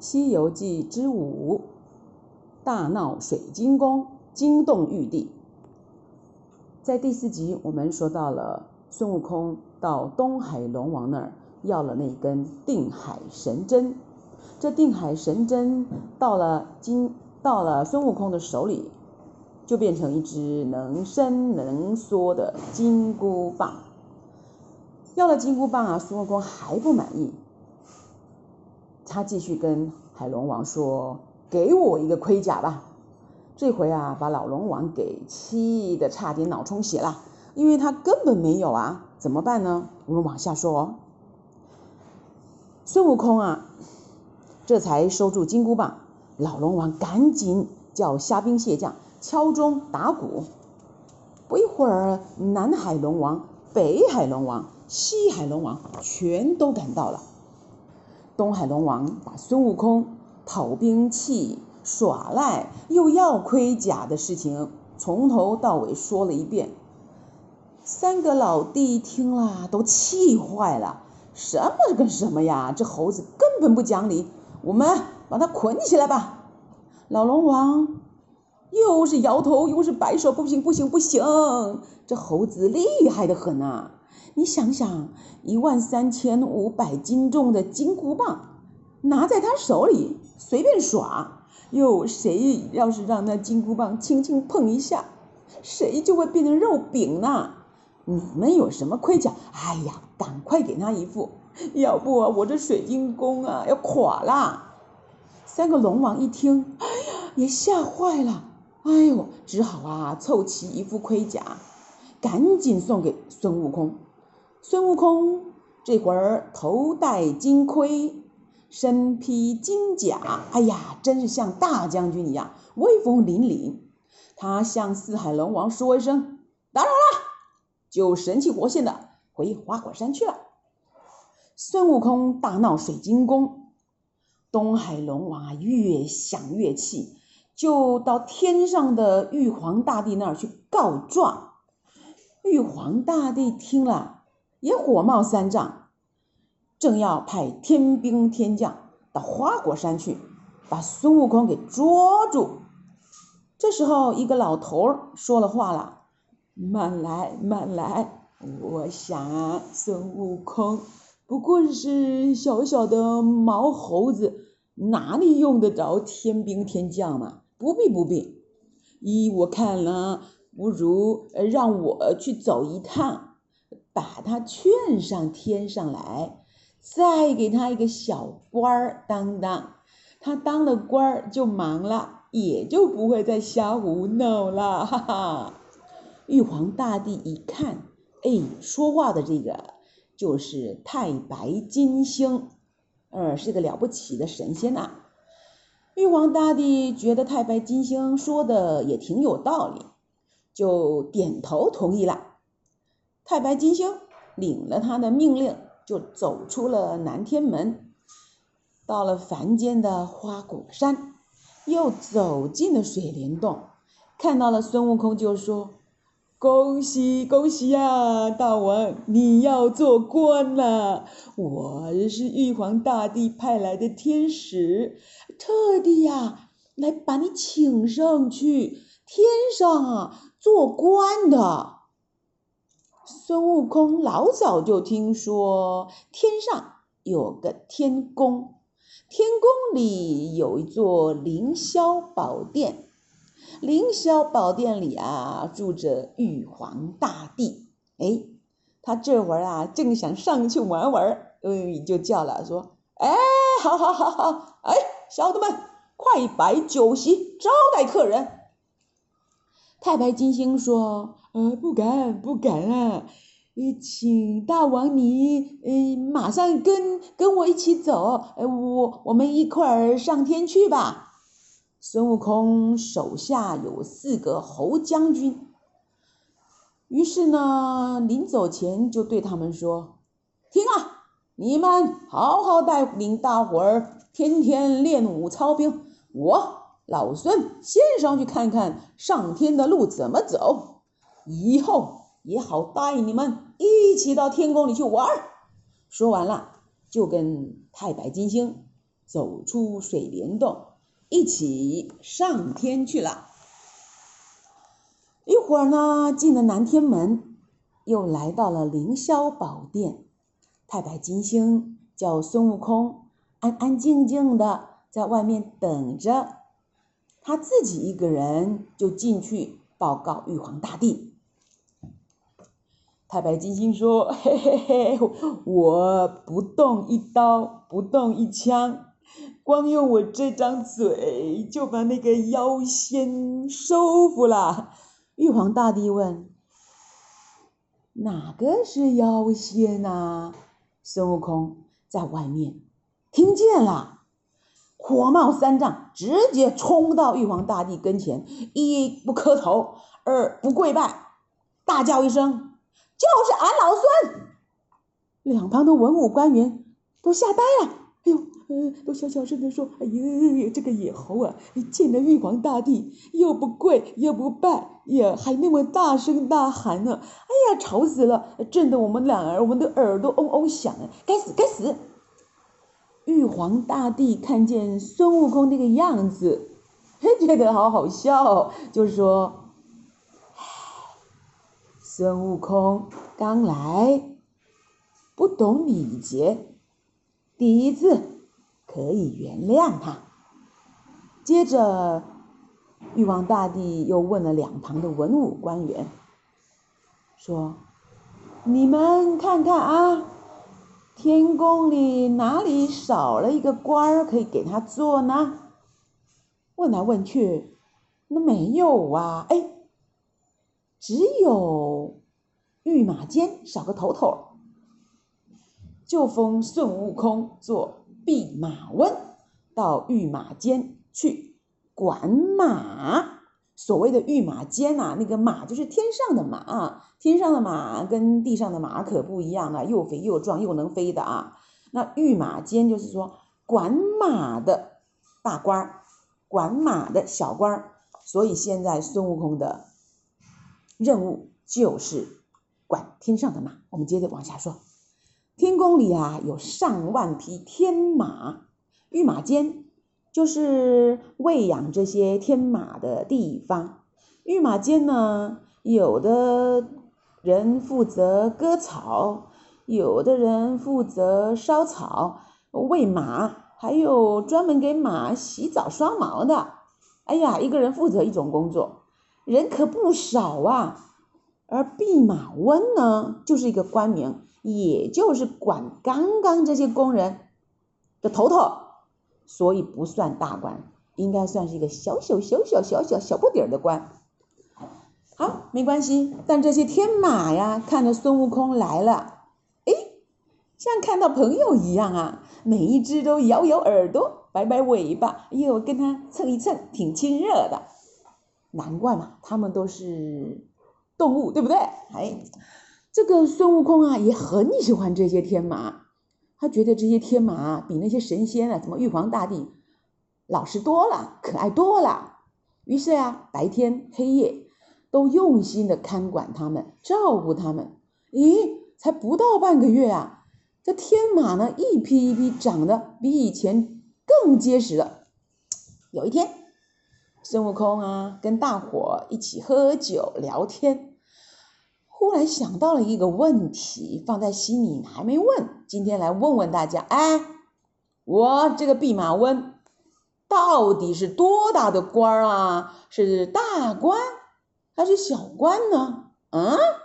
《西遊記》之五，大鬧水晶宮，驚動玉帝。在第四集，我們說到了孫悟空到東海龍王那兒要了那根定海神針。這定海神針到了金，到了孫悟空的手裡，就變成一隻能伸能縮的金箍棒。要了金箍棒啊，孫悟空還不滿意。他繼續跟海龍王說：“給我一個盔甲吧。”這回啊，把老龍王給氣的差點腦充血了，因為他根本沒有啊，怎麼辦呢？我們往下說哦。孫悟空啊，這才收住金箍棒，老龍王趕緊叫蝦兵蟹將敲鐘打鼓，不一會兒，南海龍王、北海龍王、西海龍王全都趕到了。東海龍王把孫悟空討兵器、耍賴又要盔甲的事情從頭到尾說了一遍，三個老弟聽了都氣壞了。什麼跟什麼呀？這猴子根本不講理，我們把他捆起來吧。老龍王又是搖頭又是擺手，不行不行不行，這猴子厲害得很啊。你想想，一萬三千五百斤重的金箍棒，拿在他手裡隨便耍喲，誰要是讓那金箍棒輕輕碰一下，誰就會變成肉餅呢？你們有什麼盔甲？哎呀，趕快給他一副，要不啊我這水晶宮啊要垮啦！三個龍王一聽，哎呀，也嚇壞了，哎呦，只好啊湊齊一副盔甲。趕緊送給孫悟空。孫悟空這會兒頭戴金盔，身披金甲，哎呀，真是像大將軍一樣威風凛凛。他向四海龍王說一聲“打擾了”，就神氣活現的回花果山去了。孫悟空大鬧水晶宮，東海龍王越想越氣，就到天上的玉皇大帝那兒去告狀。玉皇大帝聽了，也火冒三丈，正要派天兵天將到花果山去把孫悟空給捉住，這時候一個老頭兒說了話了：“慢來，慢來！我想孫悟空不過是小小的毛猴子，哪裡用得着天兵天將嘛？不必，不必！依我看了。”不如讓我去走一趟，把他勸上天上來，再給他一個小官兒當當，他當了官兒就忙了，也就不會再瞎胡鬧了。哈哈！玉皇大帝一看，哎，說話的這個就是太白金星，呃，是個了不起的神仙吶、啊。玉皇大帝覺得太白金星說的也挺有道理。就點頭同意了。太白金星領了他的命令，就走出了南天門，到了凡間的花果山，又走進了水簾洞，看到了孫悟空，就說：“恭喜恭喜呀、啊，大王，你要做官了！我是玉皇大帝派來的天使，特地呀、啊，來把你請上去。”天上啊，做官的孫悟空老早就聽說天上有個天宮，天宮裡有一座凌霄寶殿，凌霄寶殿裡啊住着玉皇大帝。哎，他這會兒啊正想上去玩玩，嗯，就叫了說：“哎，好好好好，哎，小的們，快擺酒席招待客人。”太白金星說：“呃，不敢，不敢啊！請大王你，嗯、呃，馬上跟跟我一起走，呃，我我們一塊兒上天去吧。”孫悟空手下有四個猴將軍，於是呢，臨走前就對他們說：“聽啊，你們好好帶領大夥兒，天天練武操兵，我。”老孫先上去看看上天的路怎麼走，以後也好帶你們一起到天宮裡去玩。說完了，就跟太白金星走出水簾洞，一起上天去了。一會兒呢，進了南天門，又來到了凌霄寶殿。太白金星叫孫悟空安安靜靜的在外面等着。他自己一個人就進去報告玉皇大帝。太白金星說：“嘿嘿嘿，我不動一刀，不動一槍，光用我這張嘴就把那個妖仙收服了。”玉皇大帝問：“哪個是妖仙啊？”孫悟空在外面聽見了。火冒三丈，直接衝到玉皇大帝跟前，一不磕頭，二不跪拜，大叫一聲：“就是俺老孫！”兩旁的文武官員都嚇呆了。哎呦，呃，都小小聲的說：“哎呦，這個野猴啊，見了玉皇大帝又不跪又不拜，也還那麼大聲大喊呢、啊！哎呀，吵死了，震得我們倆兒我們的耳朵嗡嗡響、啊、該死，該死！”玉皇大帝看見孫悟空那個樣子，覺得好好笑哦，就說：“孫悟空剛來，不懂禮節，第一次可以原諒他。”接着，玉皇大帝又問了兩旁的文武官員，說：“你們看看啊。”天宮裡哪裡少了一個官兒可以給他做呢？問來問去，那沒有啊！哎，只有御馬監少個頭頭。就封孫悟空做弼馬溫，到御馬監去管馬。所謂的御馬監吶、啊,那個馬就是天上的馬、啊，天上的馬跟地上的馬可不一樣啊，又肥又壯又能飛的啊。那御馬監就是說管馬的大官，管馬的小官。所以現在孫悟空的任務就是管天上的馬。我們接着往下說，天宮裡啊有上萬匹天馬，御馬監。就是餵養這些天馬的地方，御馬監呢，有的人負責割草，有的人負責燒草、餵馬，還有專門給馬洗澡刷毛的。哎呀，一個人負責一種工作，人可不少啊。而弼馬溫呢，就是一個官名，也就是管剛剛這些工人的頭頭。所以不算大官，應該算是一個小小小小小小小不點的官。好，啊，沒關係。但這些天馬呀，看到孫悟空來了，哎，像看到朋友一樣啊，每一隻都搖搖耳朵，擺擺尾巴，哎呦，跟他蹭一蹭，挺親熱的。難怪嘛，他們都是動物，對不對？哎，這個孫悟空啊，也很喜歡這些天馬。他覺得這些天馬比那些神仙啊，什麼玉皇大帝，老實多了，可愛多了。於是呀、啊，白天黑夜都用心的看管他們，照顧他們。咦，才不到半個月啊，這天馬呢，一匹一匹長得比以前更結實了。有一天，孫悟空啊，跟大夥一起喝酒聊天。忽然想到了一個問題，放在心裡還沒問，今天來問問大家。哎，我這個弼馬溫到底是多大的官兒啊？是大官還是小官呢？啊、嗯？